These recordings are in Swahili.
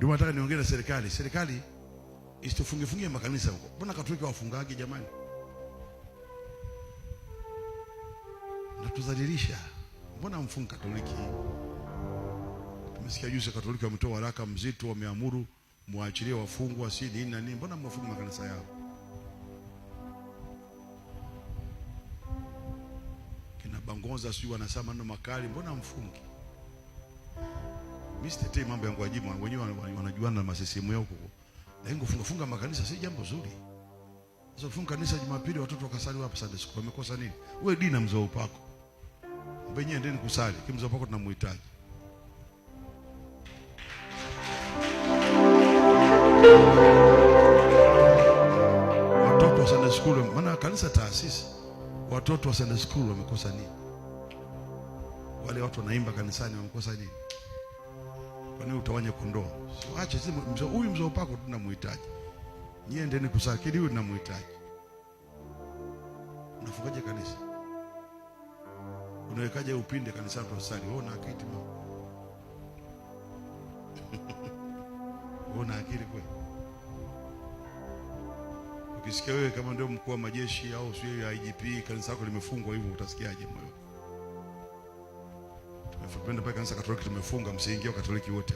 Ndio nataka niongee na serikali. Serikali isitufungifungie makanisa huko. Mbona Katoliki wafungage jamani? Natuzalilisha. Mbona mfunge Katoliki? Tumesikia juzi Katoliki wametoa waraka mzito, wameamuru muachilie wafungwa si nini na nini. Mbona mwafunge makanisa yao? Kina Bangonza sijui wanasema maneno makali, mbona mfungi mimi sitetei mambo ya kuwajibu, wenyewe wanajuana na masisimu yao huko. Lakini kufunga funga makanisa si jambo zuri. Sasa kufunga kanisa Jumapili watoto wakasali hapa Sunday school. Wamekosa nini? Wewe dini na mzao upako. Mbenye endeni kusali. Kimzao upako tunamhitaji. Watoto wa Sunday school, maana kanisa taasisi. Watoto wa Sunday school wamekosa nini? Wale watu wanaimba kanisani wamekosa nini? Kwa nini utawanya kondoo? Waache sisi mzo huyu mzo pako tunamhitaji. Nyie endeni kusakili huyu tunamhitaji. Unafungaje kanisa? Unawekaje upinde kanisani tunasali? Wewe una akili mama. Wewe una akili kweli? Ukisikia wewe kama ndio mkuu wa majeshi au sio ya IGP kanisa lako limefungwa hivyo utasikiaje moyo? Tupende pale kanisa Katoliki tumefunga msingi wa Katoliki wote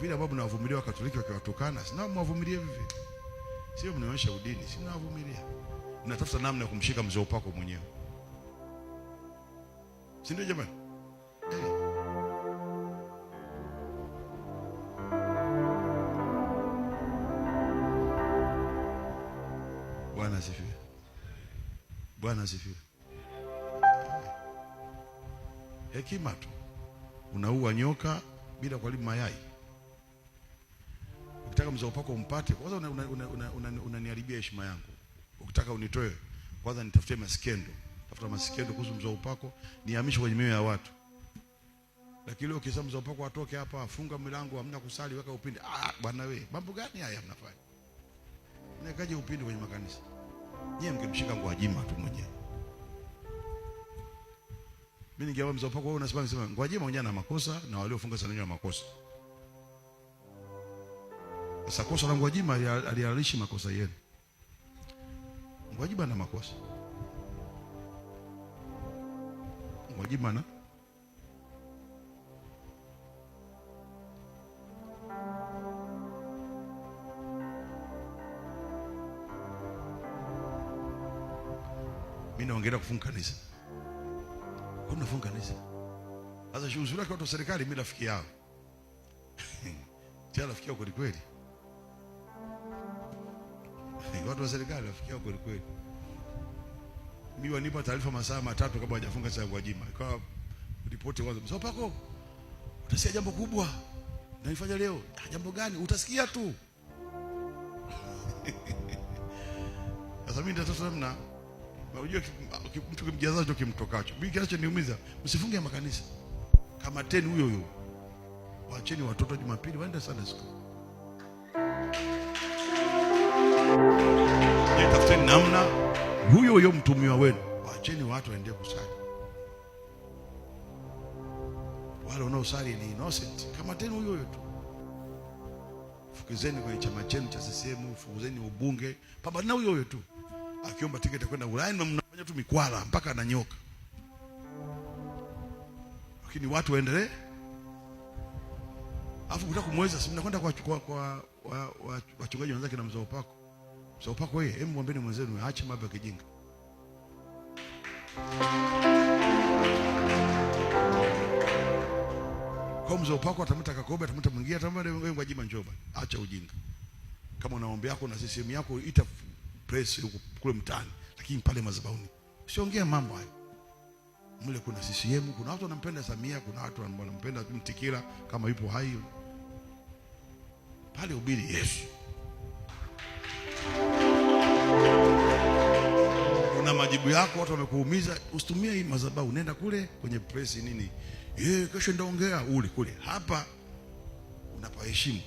Vile ambavyo mnawavumilia Katoliki wakiwatukana, sina mwavumilie vipi? Sio mnaonyesha udini, sina wavumilia. Mnatafuta namna ya kumshika mzee upako mwenyewe. Si ndio jamani? Bwana asifiwe. Bwana asifiwe hekima tu. Unaua nyoka bila kuharibu mayai. Ukitaka mzao wako umpate, kwanza unaniharibia una, una, una, una heshima yangu. Ukitaka unitoe, kwanza nitafutie masikendo, tafuta masikendo kuhusu mzao wako, nihamishe kwenye mioyo ya watu. Lakini leo kisa mzao wako atoke hapa, funga milango, hamna kusali, weka upinde. Ah, bwana wewe, mambo gani haya mnafanya? Nikaje upinde kwenye makanisa? Nyie mkimshika Gwajima tu mwenyewe mimi ningeomba mzee Mpakwa wewe unasema nisema Gwajima mwenyewe ana makosa na waliofunga sana na makosa. Sasa kosa la Gwajima alialishi makosa yenu. Gwajima ana makosa. Gwajima na mimi naongelea kufunga kanisa. Unafunga kanisa. Sasa shughuli yake watu wa serikali mimi rafiki yao. Tia rafiki yao kweli kweli. Watu wa serikali rafiki yao kweli kweli. Mimi wanipa taarifa masaa matatu kabla hajafunga saa kwa jima. Ikawa ripoti kwanza. Sasa pako utasikia jambo kubwa. Naifanya leo. Ah, jambo gani? Utasikia tu. Sasa mimi ndio sasa mna Unajua ah, mtu kimjaza cho kimtokacho. Mimi kiasi niumiza, msifunge makanisa, kamateni huyo huyo, waacheni watoto Jumapili waende sana siku tafuteni namna huyo huyo mtumiwa wenu, waacheni watu waendee kusali. Wale wanaosali ni innocent, kamateni huyo huyo tu, fukizeni kwenye chama chenu cha CCM, fukuzeni ubunge, pambana na huyo huyo tu akiomba tiketi kwenda Ulaya, na mnafanya tu mikwala mpaka ananyoka. Lakini watu waendelee, alafu kutaka kumweza, si mnakwenda kwa kwa, kwa wachungaji wenzake na mzao pako mzao pako wewe, hebu mwambeni mwenzenu aache mambo ya kijinga. Kwa mzao pako atamta Kakobe, atamta mwingine, atamwambia ngoja njoo bwana, acha ujinga. Kama unaombea yako na sisi yako ita press huko kule mtaani, lakini pale madhabahuni usiongea mambo hayo. Mle kuna CCM, kuna watu wanampenda Samia, kuna watu wanampenda Mtikila kama yupo hai. Pale ubiri Yesu, kuna majibu yako, watu wamekuumiza, usitumie hii madhabahu, nenda kule kwenye press nini, eh, kesho ndaongea ule kule. Hapa unapaheshimu